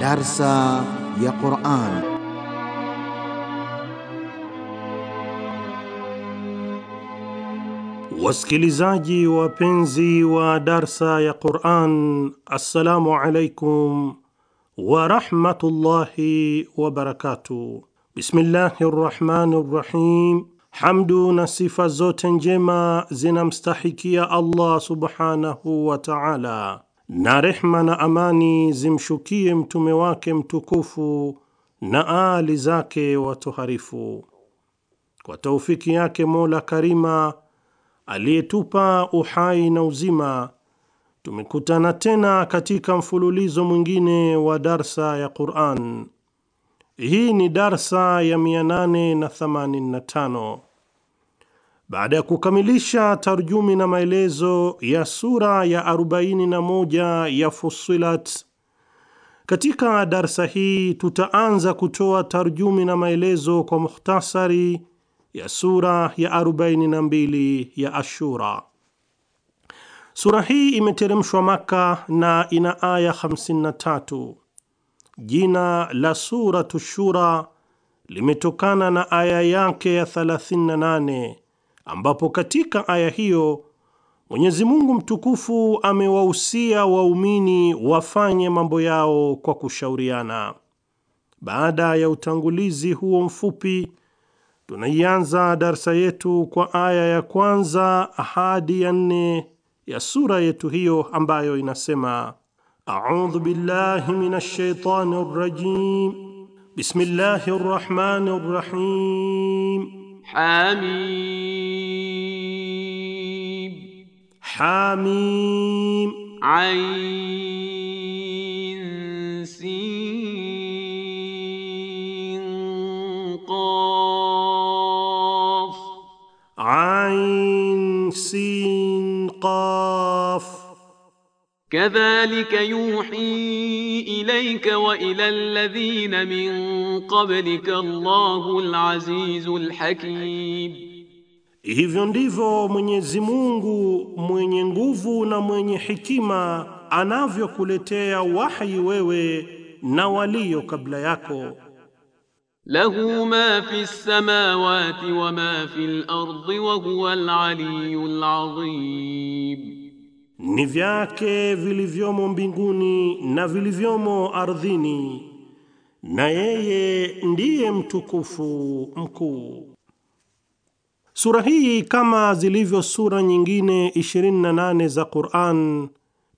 درس يا قرآن Wasikilizaji wapenzi wa darsa ya Qur'an, assalamu alaikum wa rahmatullahi wa barakatuh. Bismillahi rrahmani rrahim. Hamdu na sifa zote njema zinamstahikia Allah subhanahu wa taala, na rehma na amani zimshukie mtume wake mtukufu na aali zake watoharifu. Kwa taufiki yake Mola Karima aliyetupa uhai na uzima, tumekutana tena katika mfululizo mwingine wa darsa ya Quran. Hii ni darsa ya 885 baada ya kukamilisha tarjumi na maelezo ya sura ya 41 ya Fussilat. Katika darsa hii tutaanza kutoa tarjumi na maelezo kwa mukhtasari ya sura ya 42 ya Ashura. Sura hii imeteremshwa Maka na ina aya 53 jina la Suratu Shura limetokana na aya yake ya 38 ambapo katika aya hiyo Mwenyezi Mungu mtukufu amewahusia waumini wafanye mambo yao kwa kushauriana. Baada ya utangulizi huo mfupi, tunaianza darsa yetu kwa aya ya kwanza hadi ya nne ya sura yetu hiyo ambayo inasema أعوذ بالله من الشيطان الرجيم بسم الله الرحمن الرحيم حميم حميم عين سين كذلك يوحي إليك وإلى الذين من قبلك الله العزيز الحكيم Hivyo ndivyo Mwenyezi Mungu mwenye nguvu na mwenye hikima anavyokuletea wahi wewe na walio kabla yako. Lahu ma fi samawati wa ma fi al-ardi wa huwa al-aliyyul azim ni vyake vilivyomo mbinguni na vilivyomo ardhini, na yeye ndiye mtukufu mkuu. Sura hii kama zilivyo sura nyingine 28 za Qur'an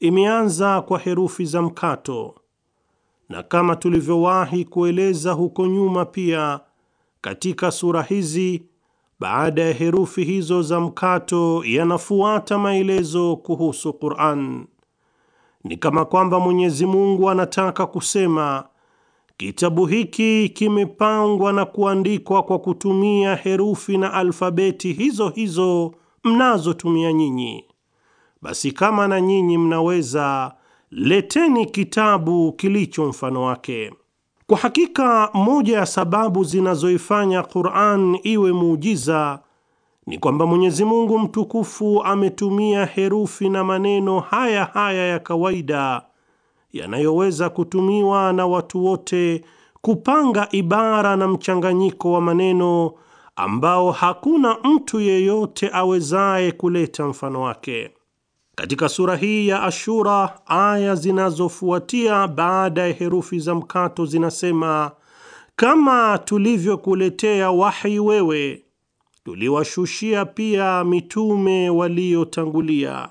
imeanza kwa herufi za mkato, na kama tulivyowahi kueleza huko nyuma, pia katika sura hizi baada ya herufi hizo za mkato yanafuata maelezo kuhusu Qur'an. Ni kama kwamba Mwenyezi Mungu anataka kusema kitabu hiki kimepangwa na kuandikwa kwa kutumia herufi na alfabeti hizo hizo mnazotumia nyinyi. Basi kama na nyinyi mnaweza, leteni kitabu kilicho mfano wake. Kwa hakika moja ya sababu zinazoifanya Qur'an iwe muujiza ni kwamba Mwenyezi Mungu mtukufu ametumia herufi na maneno haya haya ya kawaida yanayoweza kutumiwa na watu wote kupanga ibara na mchanganyiko wa maneno ambao hakuna mtu yeyote awezaye kuleta mfano wake. Katika sura hii ya Ashura, aya zinazofuatia baada ya herufi za mkato zinasema: kama tulivyokuletea wahi wewe, tuliwashushia pia mitume waliotangulia,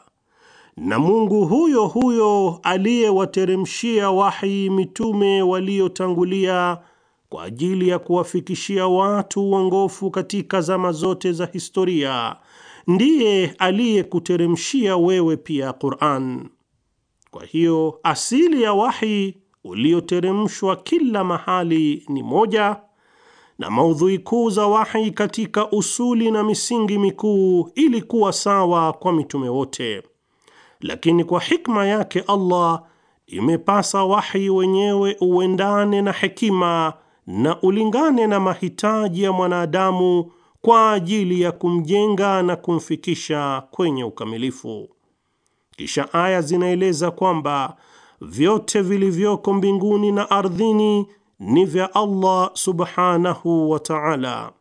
na Mungu huyo huyo aliyewateremshia wahi mitume waliotangulia kwa ajili ya kuwafikishia watu uongofu katika zama zote za historia ndiye aliyekuteremshia wewe pia Qur'an. Kwa hiyo asili ya wahi ulioteremshwa kila mahali ni moja, na maudhui kuu za wahi katika usuli na misingi mikuu ilikuwa sawa kwa mitume wote, lakini kwa hikma yake Allah imepasa wahi wenyewe uendane na hekima na ulingane na mahitaji ya mwanadamu kwa ajili ya kumjenga na kumfikisha kwenye ukamilifu. Kisha aya zinaeleza kwamba vyote vilivyoko mbinguni na ardhini ni vya Allah subhanahu wa ta'ala.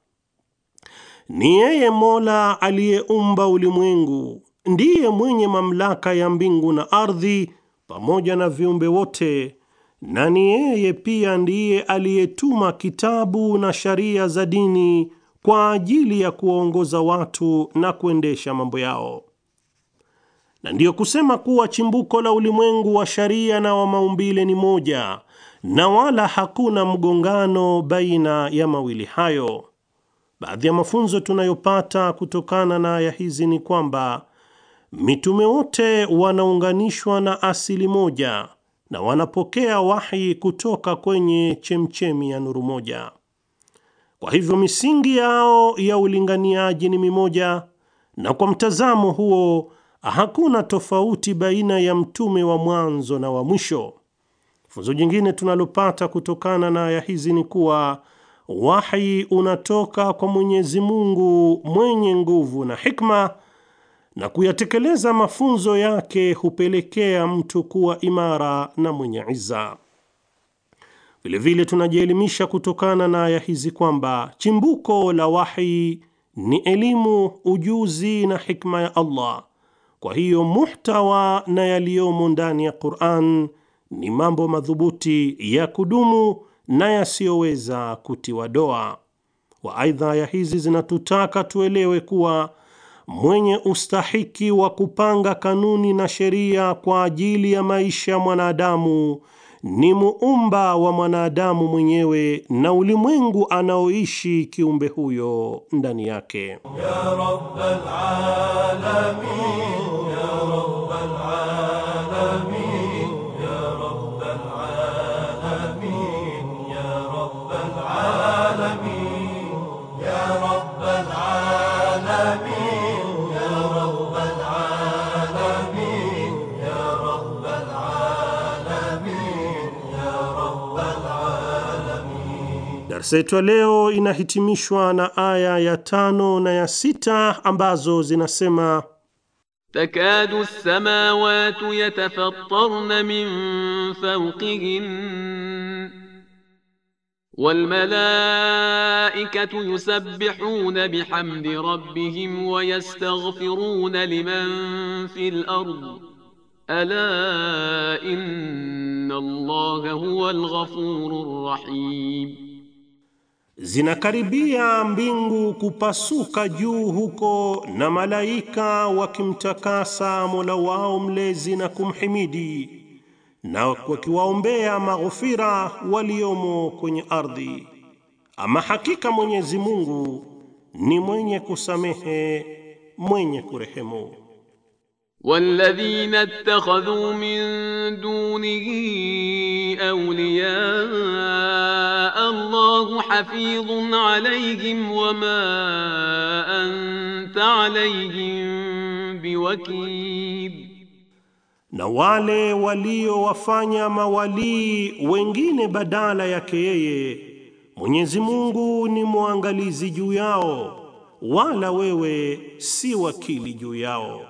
Ni yeye Mola aliyeumba ulimwengu, ndiye mwenye mamlaka ya mbingu na ardhi pamoja na viumbe wote, na ni yeye pia ndiye aliyetuma kitabu na sharia za dini kwa ajili ya kuwaongoza watu na kuendesha mambo yao, na ndiyo kusema kuwa chimbuko la ulimwengu wa sharia na wa maumbile ni moja, na wala hakuna mgongano baina ya mawili hayo. Baadhi ya mafunzo tunayopata kutokana na aya hizi ni kwamba mitume wote wanaunganishwa na asili moja na wanapokea wahi kutoka kwenye chemchemi ya nuru moja. Kwa hivyo misingi yao ya ulinganiaji ni mimoja, na kwa mtazamo huo hakuna tofauti baina ya mtume wa mwanzo na wa mwisho. Funzo jingine tunalopata kutokana na aya hizi ni kuwa wahi unatoka kwa Mwenyezi Mungu mwenye nguvu na hikma, na kuyatekeleza mafunzo yake hupelekea mtu kuwa imara na mwenye iza. Vilevile tunajielimisha kutokana na aya hizi kwamba chimbuko la wahi ni elimu, ujuzi na hikma ya Allah. Kwa hiyo muhtawa na yaliyomo ndani ya Qur'an ni mambo madhubuti ya kudumu na yasiyoweza kutiwa doa. wa Aidha, aya hizi zinatutaka tuelewe kuwa mwenye ustahiki wa kupanga kanuni na sheria kwa ajili ya maisha ya mwanadamu ni muumba wa mwanadamu mwenyewe na ulimwengu anaoishi kiumbe huyo ndani yake ya Darsa yetu ya leo inahitimishwa na aya ya tano na ya sita ambazo zinasema takadu samawati yatafattarna min fawqihin walmalaikatu yusabbihuna bihamdi rabbihim wa yastaghfiruna liman fil ardi ala inna allaha huwal ghafurur rahim Zinakaribia mbingu kupasuka juu huko, na malaika wakimtakasa Mola wao mlezi na kumhimidi na wakiwaombea maghfira waliomo kwenye ardhi. Ama hakika Mwenyezi Mungu ni mwenye kusamehe, mwenye kurehemu. walladhina ittakhadhu min dunihi awliya حفيظ عليهم وما أنت عليهم بوكيل na wale waliowafanya mawalii wengine badala yake yeye, Mwenyezi Mungu ni mwangalizi juu yao, wala wewe si wakili juu yao.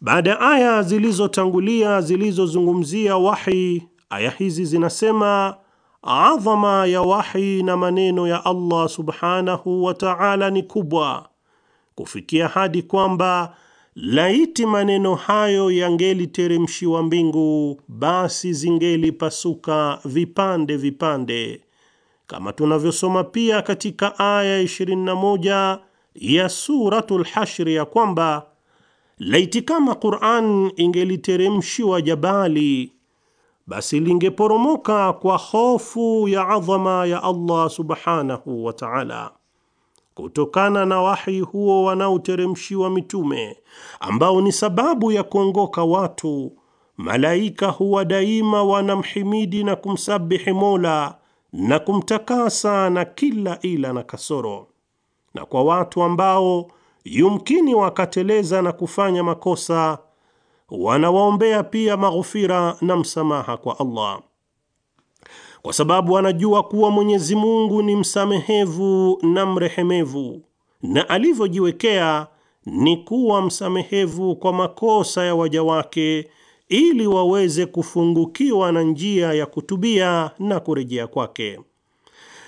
Baada ya aya zilizotangulia zilizozungumzia wahi, aya hizi zinasema Adhama ya wahi na maneno ya Allah subhanahu wa ta'ala ni kubwa kufikia hadi kwamba laiti maneno hayo yangeliteremshiwa mbingu, basi zingelipasuka vipande vipande, kama tunavyosoma pia katika aya 21 ya Suratul Hashri ya kwamba laiti kama Qur'an ingeliteremshiwa jabali basi lingeporomoka kwa hofu ya adhama ya Allah subhanahu wa ta'ala. Kutokana na wahi huo wanaoteremshiwa mitume ambao ni sababu ya kuongoka watu, malaika huwa daima wanamhimidi na kumsabihi Mola na kumtakasa na kila ila na kasoro. Na kwa watu ambao yumkini wakateleza na kufanya makosa wanawaombea pia maghufira na msamaha kwa Allah, kwa sababu wanajua kuwa Mwenyezi Mungu ni msamehevu na mrehemevu, na alivyojiwekea ni kuwa msamehevu kwa makosa ya waja wake ili waweze kufungukiwa na njia ya kutubia na kurejea kwake.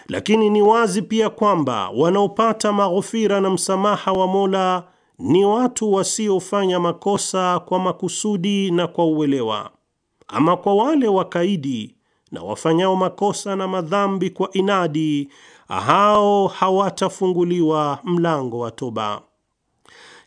Lakini ni wazi pia kwamba wanaopata maghufira na msamaha wa Mola ni watu wasiofanya makosa kwa makusudi na kwa uelewa. Ama kwa wale wakaidi na wafanyao makosa na madhambi kwa inadi, hao hawatafunguliwa mlango wa toba.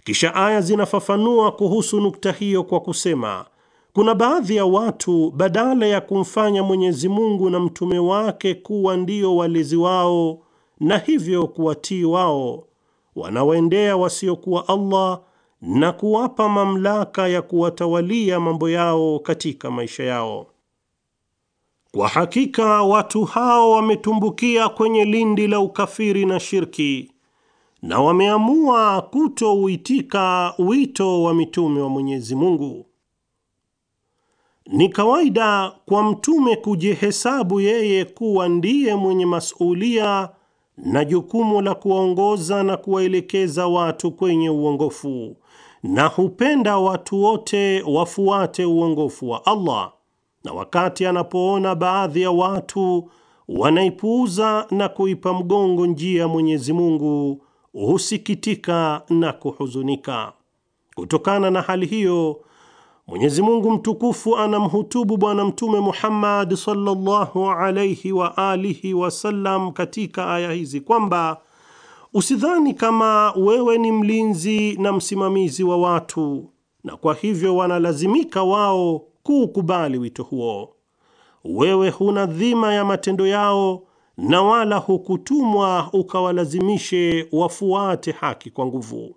Kisha aya zinafafanua kuhusu nukta hiyo kwa kusema kuna baadhi ya watu badala ya kumfanya Mwenyezi Mungu na mtume wake kuwa ndio walezi wao na hivyo kuwatii wao wanawaendea wasiokuwa Allah na kuwapa mamlaka ya kuwatawalia mambo yao katika maisha yao. Kwa hakika watu hao wametumbukia kwenye lindi la ukafiri na shirki na wameamua kutouitika wito wa mitume wa Mwenyezi Mungu. Ni kawaida kwa mtume kujihesabu yeye kuwa ndiye mwenye masulia na jukumu la kuwaongoza na kuwaelekeza watu kwenye uongofu na hupenda watu wote wafuate uongofu wa Allah, na wakati anapoona baadhi ya watu wanaipuuza na kuipa mgongo njia ya Mwenyezi Mungu husikitika na kuhuzunika. Kutokana na hali hiyo Mwenyezi Mungu mtukufu anamhutubu Bwana Mtume Muhammad sallallahu alayhi wa alihi wasallam katika aya hizi kwamba usidhani kama wewe ni mlinzi na msimamizi wa watu, na kwa hivyo wanalazimika wao kuukubali wito huo. Wewe huna dhima ya matendo yao na wala hukutumwa ukawalazimishe wafuate haki kwa nguvu.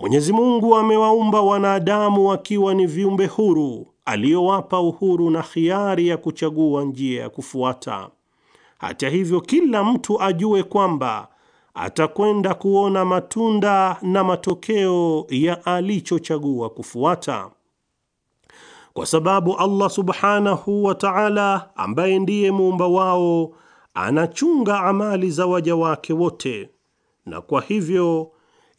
Mwenyezi Mungu amewaumba wanadamu wakiwa ni viumbe huru aliyowapa uhuru na khiari ya kuchagua njia ya kufuata. Hata hivyo, kila mtu ajue kwamba atakwenda kuona matunda na matokeo ya alichochagua kufuata, kwa sababu Allah subhanahu wa ta'ala, ambaye ndiye muumba wao, anachunga amali za waja wake wote, na kwa hivyo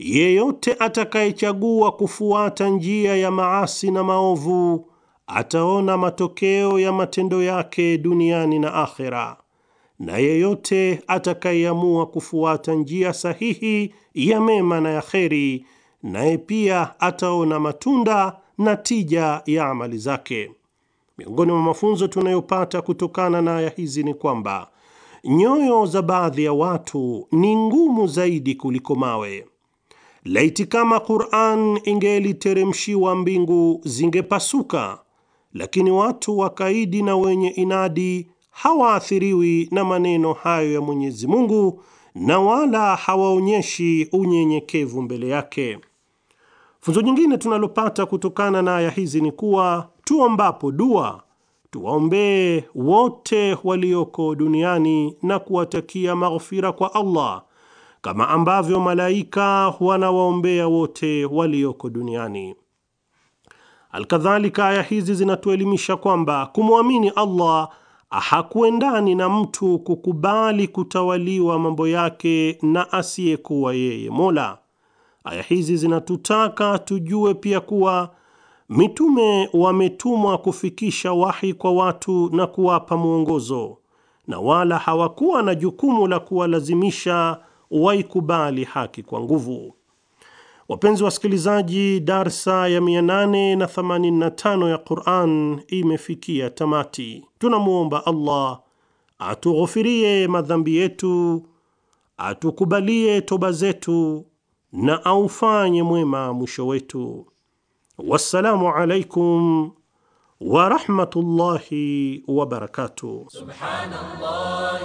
Yeyote atakayechagua kufuata njia ya maasi na maovu ataona matokeo ya matendo yake duniani na akhera, na yeyote atakayeamua kufuata njia sahihi ya mema na ya kheri, naye pia ataona matunda na tija ya amali zake. Miongoni mwa mafunzo tunayopata kutokana na aya hizi ni kwamba nyoyo za baadhi ya watu ni ngumu zaidi kuliko mawe Laiti kama Qur'an ingeliteremshiwa mbingu zingepasuka, lakini watu wakaidi na wenye inadi hawaathiriwi na maneno hayo ya Mwenyezi Mungu na wala hawaonyeshi unyenyekevu mbele yake. Funzo nyingine tunalopata kutokana na aya hizi ni kuwa tuombapo dua tuwaombee wote walioko duniani na kuwatakia maghfira kwa Allah kama ambavyo malaika wanawaombea wote walioko duniani. Alkadhalika, aya hizi zinatuelimisha kwamba kumwamini Allah hakuendani na mtu kukubali kutawaliwa mambo yake na asiyekuwa yeye Mola. Aya hizi zinatutaka tujue pia kuwa mitume wametumwa kufikisha wahi kwa watu na kuwapa mwongozo, na wala hawakuwa na jukumu la kuwalazimisha waikubali haki kwa nguvu. Wapenzi wasikilizaji, darsa ya 885 ya Quran imefikia tamati. Tunamwomba Allah atughofirie madhambi yetu, atukubalie toba zetu na aufanye mwema mwisho wetu. Wassalamu alaikum warahmatullahi wabarakatuh. Subhanallah